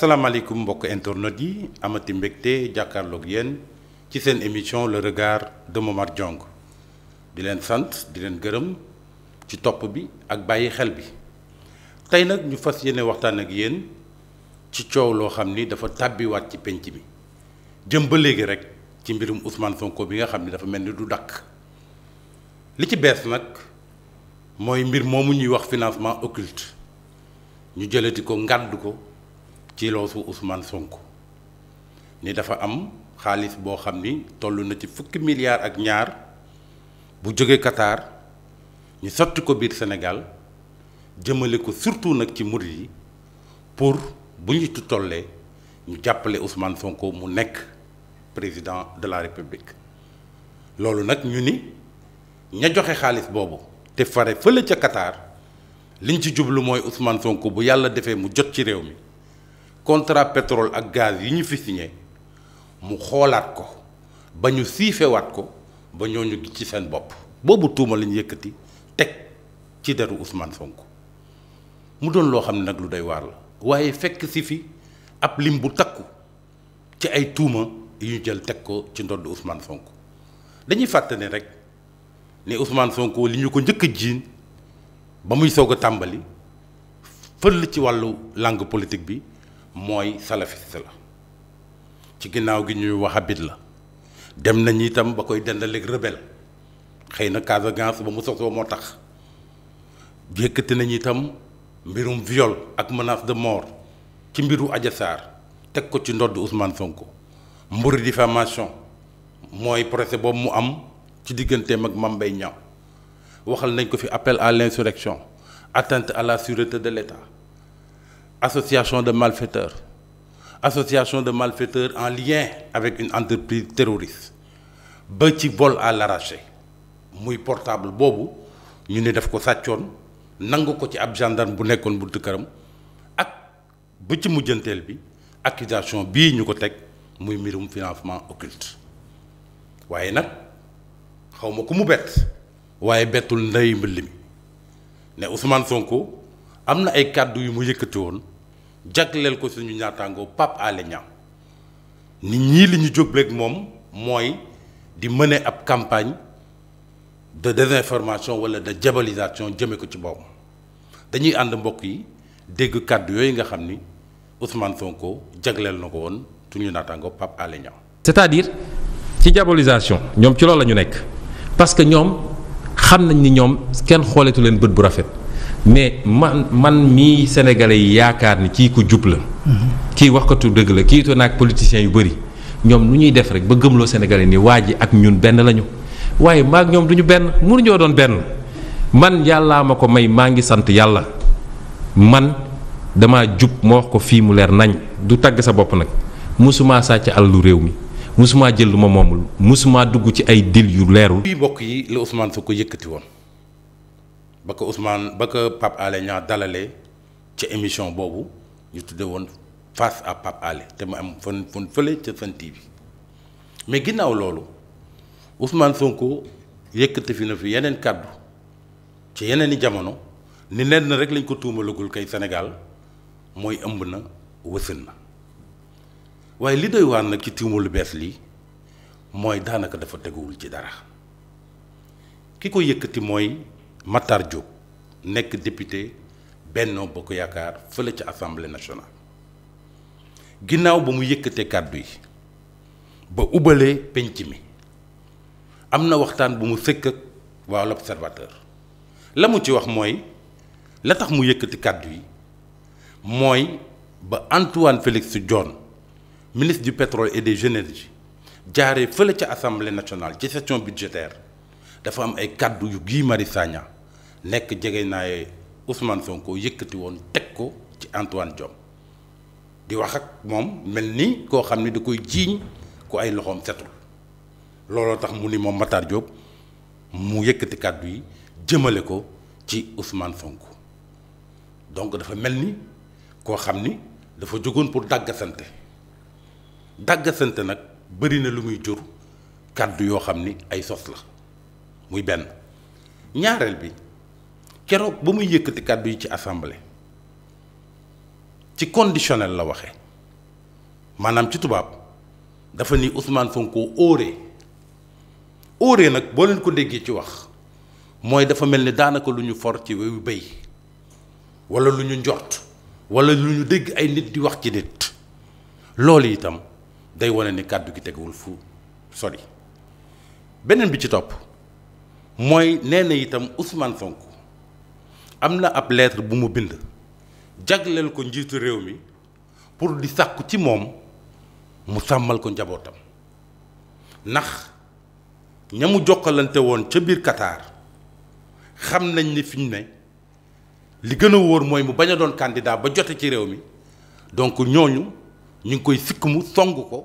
asalaamaaleykum mbokk internet yi amati mbegte jàkkaarloog yéen ci seen émission la regard de Momar di leen sant di leen gërëm ci topp bi ak bàyyi xel bi tey nag ñu fas yéene waxtaan ak yéen ci coow loo xam ni dafa tàbbiwaat ci penc bi jëm ba léegi rek ci mbirum Ousmane Sonko bi nga xam ni dafa mel ni du dakk li ci bees nag mooy mbir moomu ñuy wax financement occulte ñu jëlati ko ngàdd ko. ci loosu Ousmane Sonko ni dafa am xaalis boo xam ni toll na ci fukki milliards ak ñaar bu jóge Qatar ñu sotti ko biir senegal jëmale ko surtout nag ci murid yi pour bu ñu ci tollee ñu jàppale Ousmane Sonko mu nekk président de la République loolu nag ñu ni ña joxe xaalis boobu te fare fële ca Qatar liñ ci jublu mooy Ousmane Sonko bu yàlla defee mu jot ci réew mi contrat pétrole ak gaz yi ñu fi signé mu xoolaat ko ba ñu siifewaat ko ba ñooñu gi ci seen bopp boobu tuuma lañu yëkkati teg ci deru Ousmane Sonko mu doon loo xam ne nag lu day waar la waaye fekk si fi ab lim bu takku ci ay tuuma yu ñu jël teg ko ci ndodd Ousmane Sonko dañuy fàttali rek ne Ousmane Sonko li ñu ko njëkk a jiin ba muy soog a tàmbali fël ci wàllu langue politique bi mooy salafiste la ci ginnaaw gi ñuy wahabit la dem nañu itam ba koy dendaleeg rebelle xëy na Casamance ba mu sosoo moo tax yëkkati nañu itam mbirum viol ak menace de mort ci mbiru Adji teg ko ci ndodd Ousmane Sonko mburu diffamation mooy procès boobu mu am ci digganteem ak Mame Mbaye Niang waxal nañ ko fi appel à l'insurrection attente à la sûreté de l'État association de malfaiteurs association de malfaiteurs en lien avec une entreprise terroriste ba ci vol à muy portable boobu ñu ni daf ko sàccoon nangu ko ci ab gendarme bu nekkoon buntu këram ak bu ci mujjanteel bi accusation bii ñu ko teg muy mbirum financement occulte waaye nag xaw ma ku mu bett waaye bettul ndey mbill mi ne Ousmane Sonko am na ay kàddu yu mu yëkkati woon jagleel ko suñu ñaataangoo Pape Alé Niang nit ñii li ñu jógleeg moom mooy di mëne ab campagne de désinformation wala de jabalisation jëme ko ci boppam dañuy ànd mbokk yi dégg kàddu yooyu nga xam ni Ousmane Sonko jagleel na ko woon suñu naataango Pape Alé Niang. cest à ci diabolisation ñoom ci loolu la ñu nekk parce que ñoom xam nañ ni ñoom kenn xooletu leen bët bu rafet. mais man man mii senegale yi yaakaar ni kii ko jub la. kii wax waxkatu dëgg la kii to naag politiciens yu bëri ñoom lu ñuy def rek ba gëmloo sénégalais ni waa ji ak ñun benn lañu waaye maag ñoom du ñu benn mënuñoo doon benn man yàllaa ma ko may maa ngi sant yàlla man dama jub ma wax ko fii mu leer nañ du tagg sa bopp nag mosumaa sàcc alalu réew mi mosumaa jël lu ma moomul mosumaa dugg ci ay dil yu leerul. mbokk yi la Ousmane ko yëkkati woon. ba ko Ousmane ba ko Pape Alé Niang dalalee ca émission boobu ñu tudde woon face à Pape Alé te mu am fan fan fële ca Sen TV mais ginnaaw loolu Ousmane Sonko yëkkati fi na fi yeneen kàddu ci yeneen i jamono ni lenn na rek lañ ko tuumalagul kay Sénégal mooy ëmb na wësën na waaye li doy waar nag ci tuuma lu bees lii mooy daanaka dafa teguwul ci dara ki ko yëkkati mooy. Matar Diop nekk député Benno Bokk Yaakaar fële ca assemblée nationale ginnaaw ba mu yëkkatee kàddu yi ba ubalee penc mi am na waxtaan bu mu sëkk ak waa l'observateur la mu ci wax mooy la tax mu yëkkati kàddu yi mooy ba Antoine Félix Diome ministre du pétrole et des énergies jaaree fële ca assemblée nationale ci session budgétaire. dafa am ay kàddu yu Guy Marius Sagna nekk jege naaye Ousmane Sonko yëkkati woon teg ko ci Antoine Diome di wax ak moom mel ni koo xam ni da koy jiiñ ku ay loxoom setul looloo tax mu ni moom Matar Diop mu yëkkati kàddu yi jëmale ko ci Ousmane Sonko donc dafa mel ni koo xam ni dafa jógoon pour dàggasante dàggasante nag bëri na lu muy jur kàddu yoo xam ni ay sos la muy benn ñaareel bi keroog ba muy yëkkati kàddu yi ci assemblée ci conditionnel la waxe maanaam ci tubaab dafa ni usmaan Sonko óoree óoree nag boo leen ko déggee ci wax mooy dafa mel ni daanaka lu ñu for ci wewu béy wala lu ñu njort wala lu ñu dégg ay nit di wax ci nit loolu itam day wane ni kàddu gi teguwul fu sori beneen bi ci topp. mooy nee na itam Ousmane Sonko am na ab lettre bu mu bind jagleel ko njiitu réew mi pour di sàkku ci moom mu sàmmal ko njabootam ndax ñamu mu jokkalante woon ca biir Qatar xam nañ ni fi ñu ne li gën a wóor mooy mu bañ a doon candidat ba jote ci réew mi donc ñooñu ñu ngi koy sikk mu song ko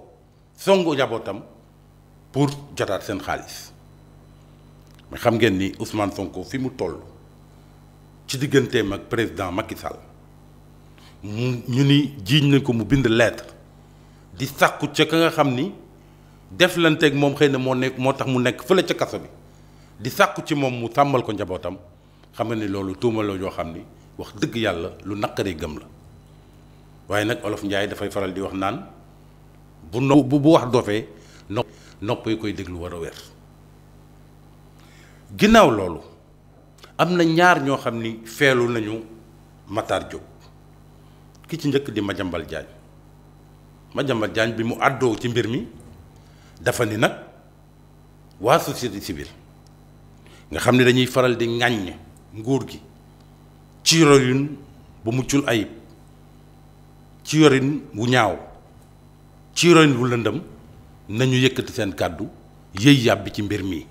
songu njabootam pour jotaat seen xaalis xam ngeen ni Ousmane Sonko fi mu toll ci digganteem ak président Macky Sall mu ñu ni jiiñ nañ ko mu bind lettre di sàkku ca ka nga xam ni deflanteek moom xëy na moo moo tax mu nekk fële ca kaso bi di sàkku ci moom mu sàmmal ko njabootam xam nga ni loolu tuuma yoo xam ni wax dëgg yàlla lu naqaree gëm la waaye nag olof Njaay dafay faral di wax naan bu no bu wax dofee nopp nopp koy déglu war a weer ginnaaw loolu am na ñaar ñoo xam ni feelu nañu Matar Diop ki ci njëkk di majambal Diagne majambal Diagne bi mu àddoo ci mbir mi dafa ni nag waa société civile nga xam ne dañuy faral di ŋàññ nguur gi ci yorin bu muccul ayib ci yorin wu ñaaw ci yorin wu lëndëm nañu yëkkati seen kàddu yëy yàbbi ci mbir mi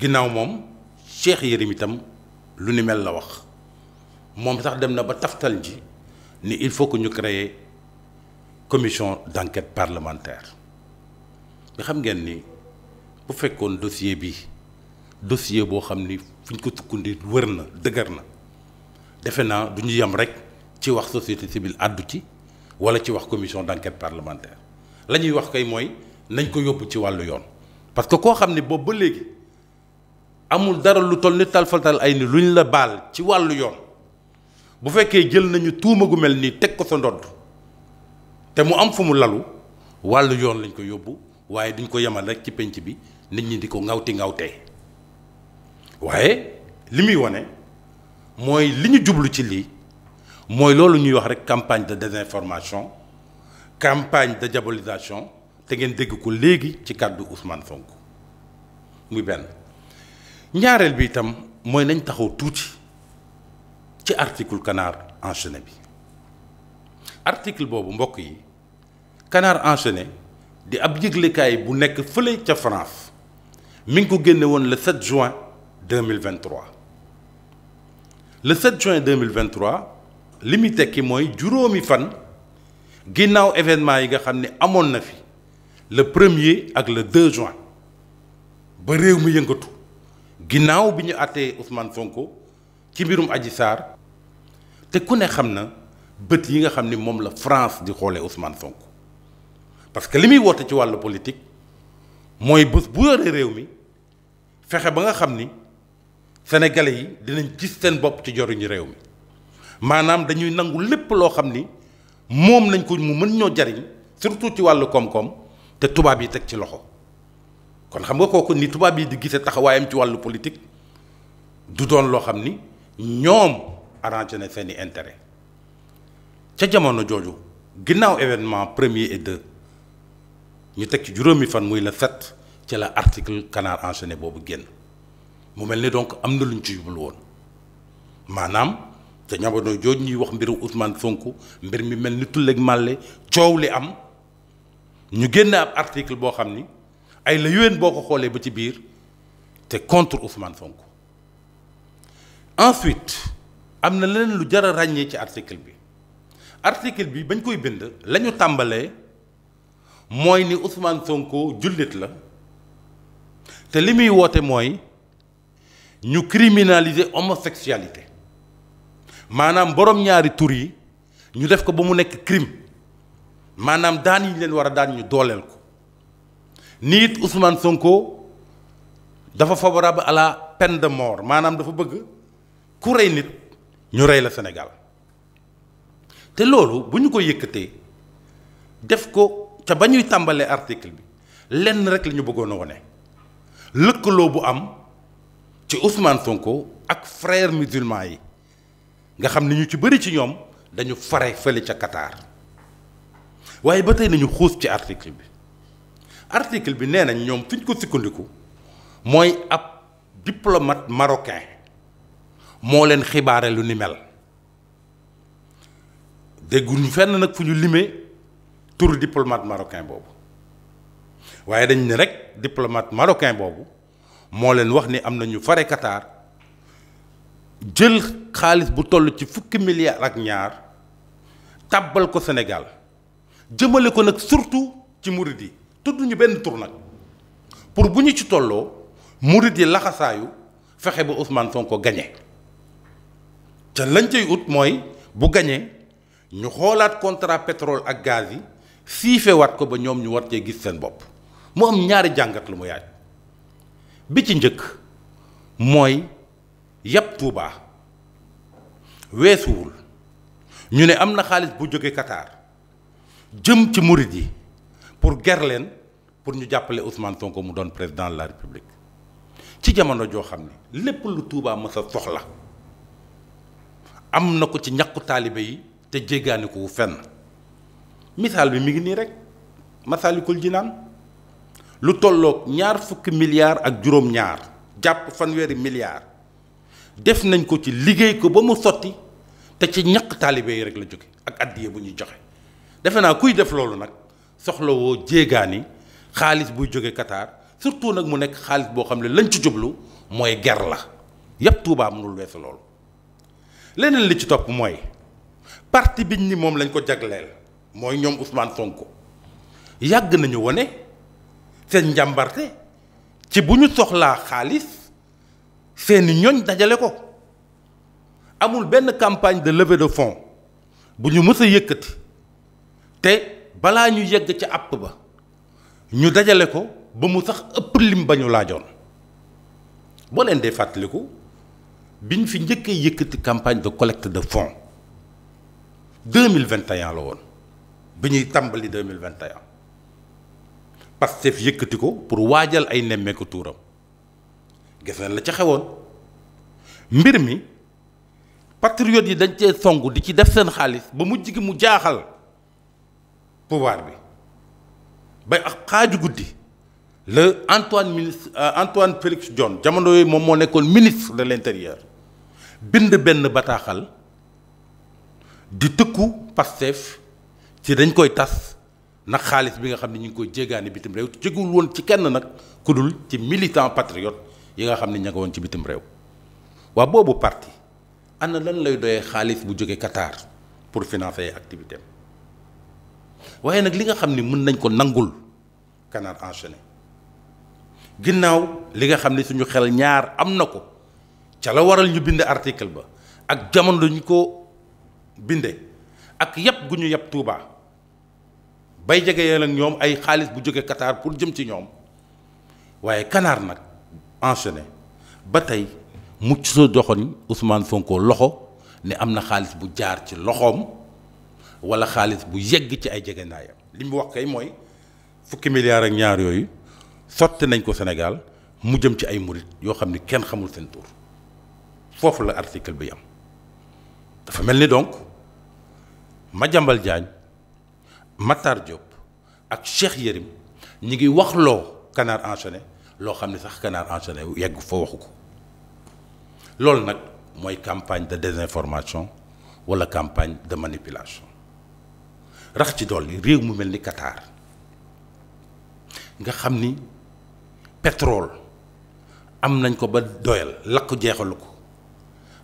ginnaaw moom Cheikh Yérim itam lu ni mel la wax moom sax dem na ba taftal ji ni il faut que ñu créer commission d'enquête parlementaire nga xam ngeen ni bu fekkoon dossier bi dossier boo xam ni fu ñu ko tukkandi wër na dëgër na defe naa du ñu yem rek ci wax société civile àddu ci wala ci wax commission d'enquête parlementaire la ñuy wax kay mooy nañ ko yóbbu ci wàllu yoon parce koo xam ni boobu ba léegi amul dara lu toll ni talfatal ay ni luñ la baal ci wàllu yoon bu fekkee jël nañu tuuma gu mel nii teg ko sa ndodd te mu am fu mu lalu wàllu yoon lañ ko yóbbu waaye duñ ko yemal rek ci pénc bi nit ñi di ko ngawti ngawtee waaye li muy wane mooy li ñu jublu ci lii mooy loolu ñuy wax rek campagne de désinformation campagne de diabolisation te ngeen dégg ko léegi ci kàddu Ousmane Sonko muy benn ñaareel bi itam mooy nañ taxaw tuuti ci article kanaar enchaîné bi article boobu mbokk yi canard enchaîné di ab yëglekaay bu nekk fële ca France mi ngi ko génne woon le 7 juin 2023 le 7 juin 2023 li muy tekki mooy juróomi fan ginnaaw événement yi nga xam ne amoon na fi le premier ak le 2 juin ba réew mi yëngatu. ginnaaw bi ñu àttee Ousmane Sonko ci mbirum aji saar te ku ne xam na bët yi nga xam ni moom la France di xoolee Ousmane Sonko parce que li muy woote ci wàllu politique mooy bés bu yoree réew mi fexe ba nga xam ni sénégalais yi dinañ gis seen bopp ci joriñu réew mi maanaam dañuy nangu lépp loo xam ni moom lañ ko mu mën ñoo jariñ surtout ci wàllu koom-koom te tubaab yi teg ci loxo. kon xam nga kooku ni tubaab yi di gisee taxawaayam ci wàllu politique du doon loo xam ni ñoom arrangé na seeni intérêt ca jamono jooju ginnaaw événement premier et deux ñu teg ci juróomi fan muy la sept ci la article canard enchaîné boobu génn mu mel ni donc am na luñ ci jublu woon maanaam ca jamono jooju ñuy wax mbiru Ousmane Sonko mbir mi mel ni tulleeg màlle coow li am ñu génn ab article boo xam ni. ay la yowén boo ko xoolee ba ci biir te contre Ousmane Sonko ensuite am na leneen lu jar a ràññee ci article bi article bi bañ koy bind lañu tàmbalee mooy ni Ousmane Sonko jullit la te li muy woote mooy ñu criminaliser homosexualité maanaam borom ñaari tur yi ñu def ko ba mu nekk crime maanaam daan yi leen war a daan ñu dooleel ko ni it Sonko dafa favorable à la de mort maanaam dafa bëgg ku rey nit ñu rey la senegal te loolu bu ñu ko yëkkatee def ko ca ba ñuy tàmbalee article bi lenn rek la ñu bëggoon a wone lëkkaloo bu am ci Ousmane Sonko ak frères musulmans yi nga xam ni ñu ci bëri ci ñoom dañu fare fële ca Qatar waaye ba tey nañu xuus ci article bi article bi nee nañ ñoom fi ñu ko sukkandiku mooy ab diplomate marokin moo leen xibaare lu ni mel dégguñu fenn nag fu ñu limee tur diplomate marocain boobu waaye dañ ni rek diplomate marocain boobu moo leen wax ni am na ñu fare Qatar jël xaalis bu toll ci fukki milliards ak ñaar tàbbal ko Sénégal jëmale ko nag surtout ci murid tudd ñu benn tur nag pour bu ñu ci tolloo murit yi laxasaayu fexe ba Ousmane Sonko gañe te lañ cay ut mooy bu gañee ñu xoolaat contrat pétrole ak gaz yi siifewaat ko ba ñoom ñu war cee gis seen bopp mu am ñaari jàngat lu mu yaaj bi ci njëkk mooy yàpp Touba weesuwul ñu ne am na xaalis bu jóge Qatar jëm ci murit yi pour ger leen pour ñu jàppale Ousmane Sonko mu doon président de la République ci jamono joo xam ne lépp lu Touba mës a soxla am na ko ci ñàkku taalibe yi te jéggaani ko fenn misaal bi mi ngi nii rek Masaalikul Jinaan lu tolloog ñaar fukki milliards ak juróom-ñaar jàpp fanweeri milliards def nañ ko ci liggéey ko ba mu sotti te ci ñàkk taalibe yi rek la jóge ak addiye bu ñuy joxe defe naa kuy def loolu nag. soxlawoo jéegaani xaalis buy jóge Qatar surtout nag mu nekk xaalis boo xam ne lañ ci jublu mooy ger la yëpp Touba mënul weesu loolu. leneen li ci topp mooy parti biñ ni moom lañ ko jagleel mooy ñoom Ousmane Sonko yàgg nañu wone seen njàmbarte ci bu ñu soxlaa xaalis seeni ñoñ dajale ko amul benn campagne de leve de fonds bu ñu mës a yëkkati te. balaa ñu yegg ca àpp ba ñu dajale ko ba mu sax ëpp lim ba ñu laajoon boo leen dee fàttaliku bi ñu fi njëkkee yëkkati campagne de collecte de fonds deux mille vingt et la woon bi ñuy tàmbali deux mille vingt et un Pastef yëkkati ko pour waajal ay nemmeeku tuuram gis la ca xewoon mbir mi patriotes yi dañ cee songu di ci def seen xaalis ba mujj gi mu jaaxal. pouvoir bi ba ak xaaju guddi la Antoine ministre euh, Antoine Félix Diome jamono yooyu moom moo nekkoon ministre de l'intérieur bind benn bataaxal di tëkku Pastef ci dañ koy tas nag xaalis bi nga xam ne ñu ngi koy jéggaani bitim réew jégul woon ci kenn nag ku dul ci militant patriote yi nga xam ne ña nga woon ci bitim réew waa boobu parti ana lan lay doyee xaalis bu jógee Qatar pour financer activité waaye nag li nga xam ni mën nañ ko nangul kanaar enchaîné ginnaaw li nga xam ni suñu xel ñaar am na ko ca la waral ñu bind article ba ak jamono ñu ko binde ak yàpp gu ñu yàpp tuubaa bay jege yee ñoom ay xaalis bu jóge Qatar pour jëm ci ñoom waaye kanaar nag enchaîné ba tey mucc sa doxoñ Ousmane Sonko loxo ne am na xaalis bu jaar ci loxoom wala xaalis bu yegg ci ay jegenaayam li mu wax kay mooy fukki milliards ak ñaar yooyu sotti nañ ko Sénégal mu jëm ci ay murit yoo xam ni kenn xamul seen tur foofu la article bi am dafa mel ni donc ma jàmbal Diagne Matar Diop ak Cheikh Yérim ñi ngi wax loo Canard enchaîné loo xam ne sax Canard enchaîné yegg foo waxu ko loolu nag mooy campagne de désinformation wala campagne de manipulation rax ci dool yi réew mu mel ni Qatar nga xam ni petrol am nañ ko ba doyal lakk jeexalu ko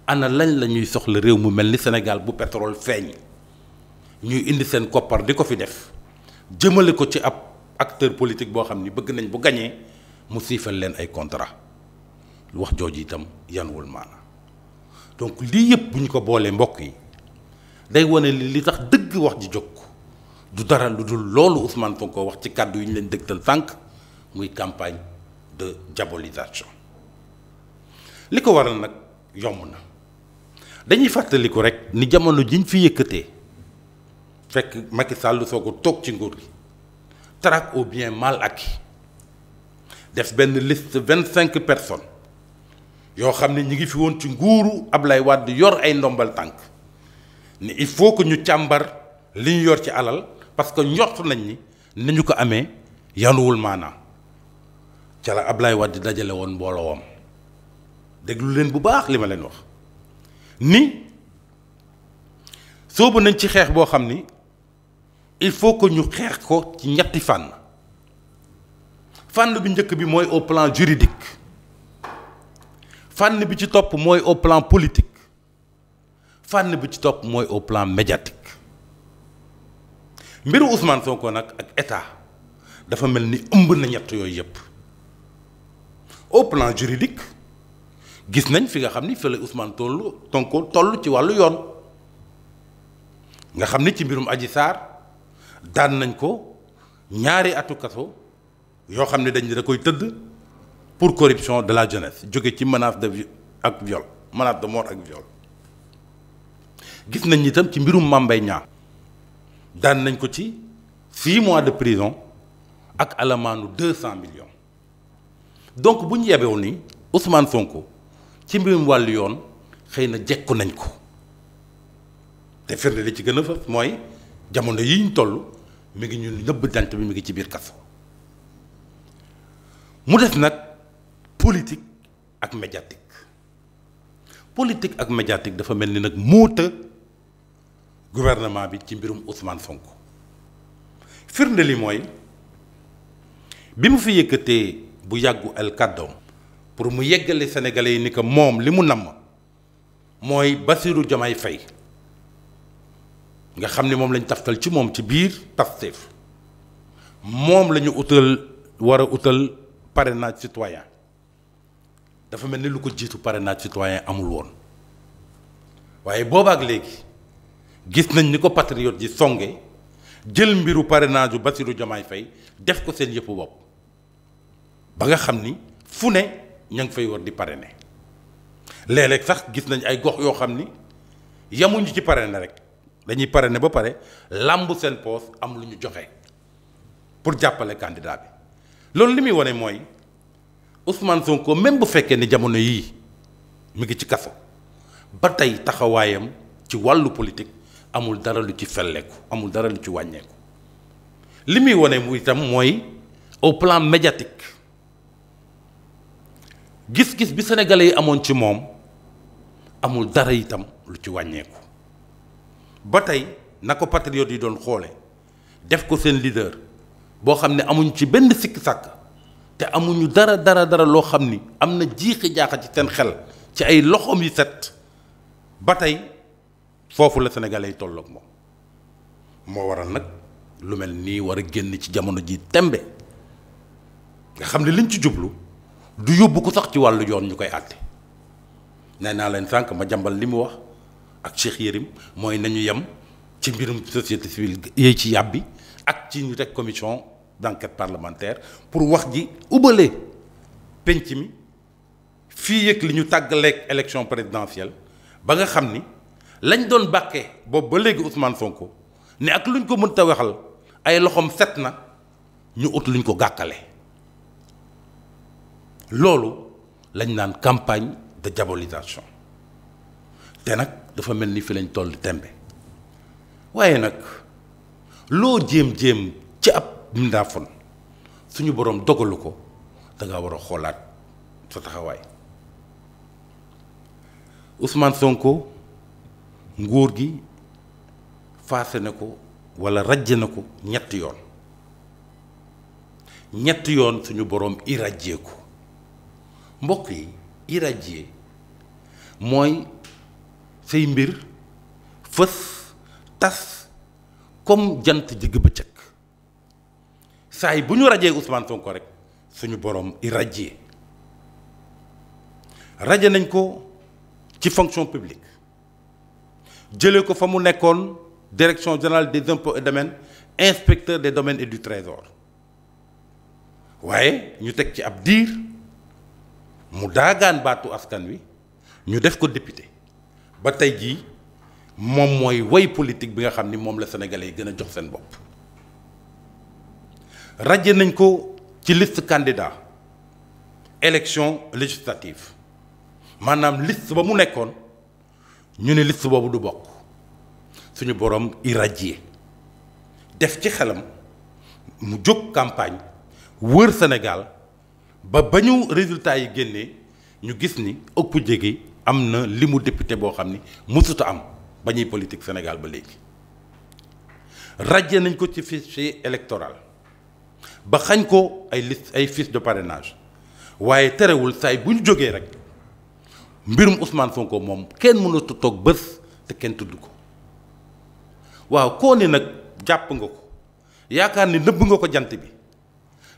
ana lañ la ñuy soxla réew mu mel ni senegal bu pétrole feeñ ñuy indi seen koppar di ko fi def jëmale ko ci ab acteur politique boo xam ni bëgg nañ bu gañee mu siifal leen ay contrat wax jooju itam yanuwul maana donc lii yëpp bu ñu ko boolee mbokk yi day wane li li tax dëgg wax ji jóg du dara lu dul loolu Ousmane ko wax ci kàddu yu ñu leen dëgtal sànq muy campagne de diabolisation li ko waral nag yomb na dañuy fàttaliku rek ni jamono jiñ fi yëkkatee fekk Macky Sall soo ko toog ci nguur gi traque au bien mal acquis def benn liste vingt cinq personnes yoo xam ne ñu ngi fi woon ci nguuru Ablaye Wade yor ay ndombal tànk ni il faut que ñu càmbar li ñu yor ci alal parce que njort nañ ni nañu ko amee yanuwul maanaa ca la Ablaye Wade dajale woon mbooloo am déglu leen bu baax li ma leen wax ni soobu nañ ci xeex boo xam ni il faut que ñu xeex ko ci ñetti fànn fànn bi njëkk bi mooy au plan juridique fànn bi ci topp mooy au plan politique fànn bi ci topp mooy au plan médiatique mbiru Ousmane Sonko nag ak état dafa mel ni ëmb na ñett yooyu yëpp au plan juridique gis nañ fi nga xam ni fële Ousmane toll Sonko toll ci wàllu yoon nga xam ni ci mbirum Adji Sarr daan nañ ko ñaari atu kaso yoo xam ne dañ da koy tëdd pour corruption de la jeunesse jóge ci manaaf de ak viol menace de mort ak viol gis nañ itam ci mbirum Mame Mbaye daan nañ ko ci fii mois de prison ak alamaanu deux cent million donc bu ñu yebew ni Ousmane fonk ci mbirum wàll yoon xëy na jekku nañ ko te firnde li ci gën a fës mooy jamono yi ñu toll mi ngi ñun nëbb dant bi mi ngi ci biir kaso mu des nag politique ak médiatique politique ak médiatique dafa mel ni nag moo të gouvernement bi ci mbirum Ousmane Sonko firnde li mooy bi mu fi yëkkatee bu yàggu el kàddoom pour mu yeggale sénégalais yi ni que moom li mu namm mooy Bassirou jamaay Faye nga xam ni moom lañ taftal ci moom ci biir Pastef moom lañu ñu utal war a utal parrainage citoyen dafa mel ni lu ko jiitu naa citoyen amul woon waaye boobaak léegi gis nañ ni ko patriote ji songe jël mbiru parrainage ju Bassirou Diomaye Faye def ko seen yëpp bopp ba nga xam ni fu ne ña ngi fay war di pare léeg-léeg sax gis nañ ay gox yoo xam ni yamuñu ci pare parrainer rek dañuy pare ne ba pare làmb seen poos am lu ñu joxe pour jàppale candidat bi loolu li muy wane mooy Ousmane Sonko même bu fekkee ne jamono yii mu ngi ci kaso ba tey taxawaayam ci wàllu politique. amul dara lu ci felleeku amul dara lu ci wàññeeku li muy wane mu itam mooy au plan médiatique gis-gis bi sénégalais yi amoon ci moom amul dara itam lu ci wàññeeku ba tey na ko patriotes yi doon xoole def ko seen leader boo xam ne amuñ ci benn sikk sàkk te amuñu dara dara dara loo xam ni am na jiixi jaaxal ci seen xel ci ay loxoom yu set ba tey foofu la sénégalais yi tolloog moom moo waral nag lu mel nii war a génn ci jamono ji tembe nga xam ne liñ ci jublu du yóbbu ko sax ci wàllu yoon ñu koy àtte nee naa leen sànq ma jàmbal li mu wax ak Cheikh Yérim mooy nañu yem ci mbirum société civile yee ci yàbbi ak ci ñu teg commission d'enquête parlementaire pour wax ji ubale penc mi fii yëg li ñu tàggaleeg élection présidentielle ba nga xam ni lañ doon bàkkee boobu ba léegi Ousmane Sonko ne ak luñ ko mënta waxal ay loxoom set na ñu ut luñ ko gàkkale loolu lañ naan campagne de diabolisation te nag dafa mel ni fi lañ toll tembe waaye nag loo jéem-jéem ci ab mindaafoon suñu boroom dogalu ko danga war a xoolaat sa taxawaay Ousmane Sonko. nguur gi faase na ko wala rajj na ko ñetti yoon ñetti yoon suñu boroom irajjee ko mbokk yi irajjee mooy say mbir fës tas comme jant jigg ba saa saay bu ñu rajee Ousmane Sonko rek suñu boroom irajjee raje nañ ko ci fonction publique jëlee ko fa mu nekkoon direction générale des impôts et domaines inspecteur des domaines et du trésor waaye ñu teg ci ab diir mu daagaan baatu askan wi ñu def ko député ba tey jii moom mooy way politique bi nga xam ni moom la sénégalais yi gën a jox seen bopp ràjje nañ ko ci liste candidat élection législative maanaam liste ba mu nekkoon ñu ne liste boobu du bokk suñu borom irradié def ci xelam mu jóg campagne wër Sénégal ba ba ñu résultat yi génnee ñu gis ni ëpp jege am na limu mu député boo xam ni mësut am ba ñuy politique Sénégal ba léegi radié nañ ko ci fichier électoral ba xañ ko ay liste ay fiche de parrainage waaye terewul saay bu ñu jógee rek mbirum Ousmane fonko moom kenn mënut toog bés te kenn tudd ko waaw koo ne nag jàpp nga ko yaakaar ni nëbb nga ko jant bi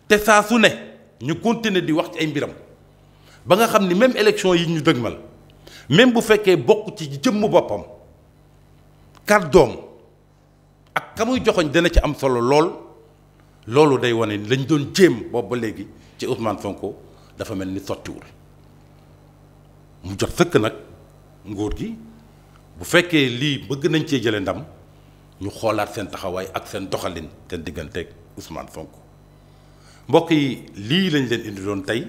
te saa su ne ñu continuer di wax ci ay mbiram ba nga xam ni même élection yi ñu dëgmal même bu fekkee bokk ci jëmm boppam kar doom ak kamuy muy joxoñ dana ci am solo lool loolu day wane ni lañ doon jéem boobu ba léegi ci Ousmane fonko dafa mel ni sottiwul. mu jot sëkk nag nguur gi bu fekkee lii bëgg nañ cee jëlee ndam ñu xoolaat seen taxawaay ak seen doxalin seen digganteeg Ousmane Sonko mbokk yi lii lañ leen indi doon tey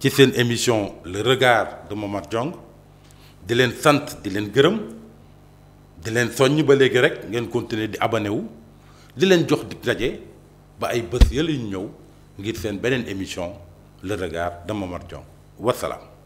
ci seen émission le regard de Momar Diong di leen sant di leen gërëm di leen soññ ba léegi rek ngeen continuer di abanewu di leen jox di daje ba ay bés yële ñu ñëw ngir seen beneen émission le regard de Momar Diong wasalaam.